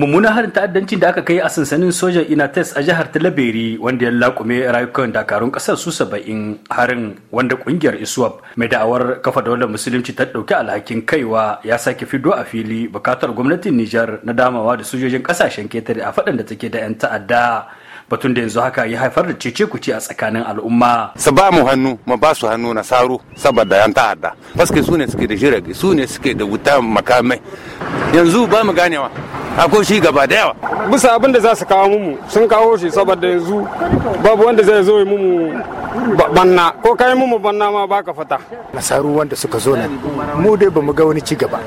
mummunan harin ta'addancin da aka kai a sansanin sojan inates a jihar talabiri wanda ya lakume rayukan dakarun kasar su saba'in harin wanda ƙungiyar iswap mai da'awar kafa da musulunci ta ɗauki alhakin kaiwa ya sake fido a fili bukatar gwamnatin nijar na damawa da sojojin kasashen ketare a faɗin da take da 'yan ta'adda batun da yanzu haka ya haifar da cece kuce a tsakanin al'umma. Su ba mu hannu, mu ba su hannu na saro saboda yan ta'adda. Paske su ne suke da jirage, su ne suke da wuta makamai. Yanzu ba mu ganewa. ko shi gaba da yawa bisa abin da za su kawo mumu sun kawo shi saboda yanzu babu wanda zai zo mumu banna ko kai mu banna ma baka fata nasaru wanda suka zo nan mu dai bamu ga wani cigaba.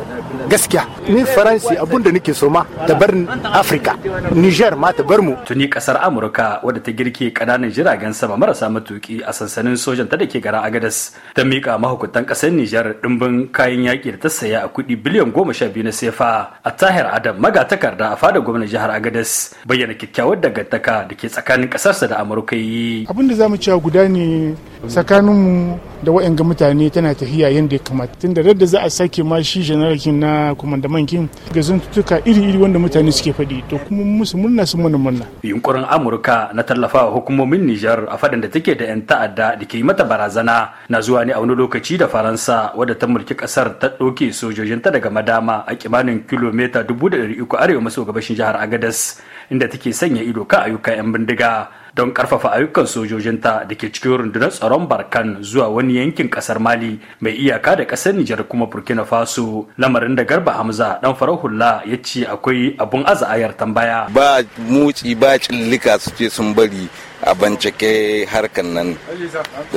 gaskiya ni faransi abun da nake so ma ta bar afirka niger ma ta bar mu tuni kasar amurka wadda ta girke kananan jiragen sama marasa matuki a sansanin sojan ta da ke garin agadas ta mika mahukuntan kasar niger dimbin kayan yaki da ta saya a kudi biliyan goma sha biyu na sefa a tahir adam magatakarda a fada gwamnan jihar agadas bayyana kyakkyawar dangantaka da ke tsakanin kasarsa da amurka yi abin da zamu cewa guda ne tsakaninmu da waɗanga mutane tana tafiya yadda ya kamata tun da za a sake ma shi janarakin na kumandaman kin ga zuntutuka iri-iri wanda mutane suke faɗi to kuma musu murna su mana murna yunkurin amurka na tallafawa hukumomin nijar a faɗin da take da 'yan ta'adda da ke mata barazana na zuwa ne a wani lokaci da faransa wadda ta mulki kasar ta ɗauke sojojinta daga madama a kimanin kilomita dubu uku arewa maso gabashin jihar agadas inda take sanya ido kan ayyukan 'yan bindiga don karfafa ayyukan sojojinta da ke cikin rundunar tsaron barkan zuwa wani yankin kasar mali mai iyaka da kasar nijar kuma burkina faso lamarin da garba hamza dan farar hula ya ce akwai abun aza'ayar tambaya ba mutsi ba cillika su ce sun bari a bincike harkan nan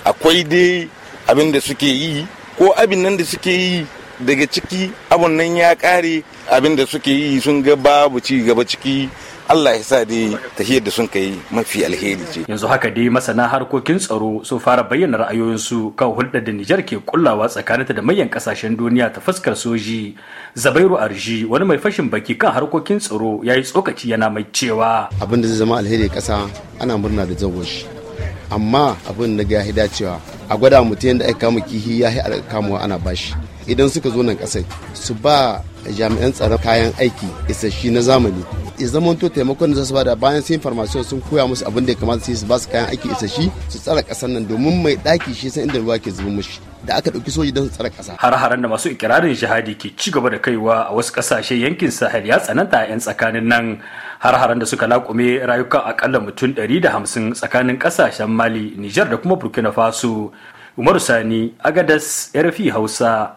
akwai dai abin da suke yi ko abin nan da suke yi daga ciki abun nan ya kare abin da suke yi sun ga babu ci gaba ciki Allah ya sa dai tahiyar da sun kai mafi alheri ce. Yanzu haka dai masana harkokin tsaro sun fara bayyana ra'ayoyinsu kan hulɗar da Nijar ke kullawa tsakaninta da manyan ƙasashen duniya ta fuskar soji. Zabairu Arji wani mai fashin baki kan harkokin tsaro ya yi tsokaci yana mai cewa. Abin da zai zama alheri ƙasa ana murna da zagon shi. Amma abin da ya dacewa a gwada mutum yadda aka kama kihi ya yi kamuwa ana bashi. idan suka zo nan kasai su ba jami'an tsaron kayan aiki isasshi na zamani ya zamanto taimakon da su da bayan sai information sun koya musu abin da ya kamata su ba su kayan aiki isasshi su tsara kasar nan domin mai daki shi san inda ruwa ke zuba mushi da aka ɗauki soji don tsara kasa Har-haren da masu ikirarin jihadi ke ci gaba da kaiwa a wasu kasashe yankin Sahel ya tsananta a 'yan tsakanin nan. Har-haren da suka laƙume rayukan akalla mutum 150 tsakanin kasashen Mali, Nijar da kuma Burkina Faso. Umaru Sani, Agadas, RFI Hausa.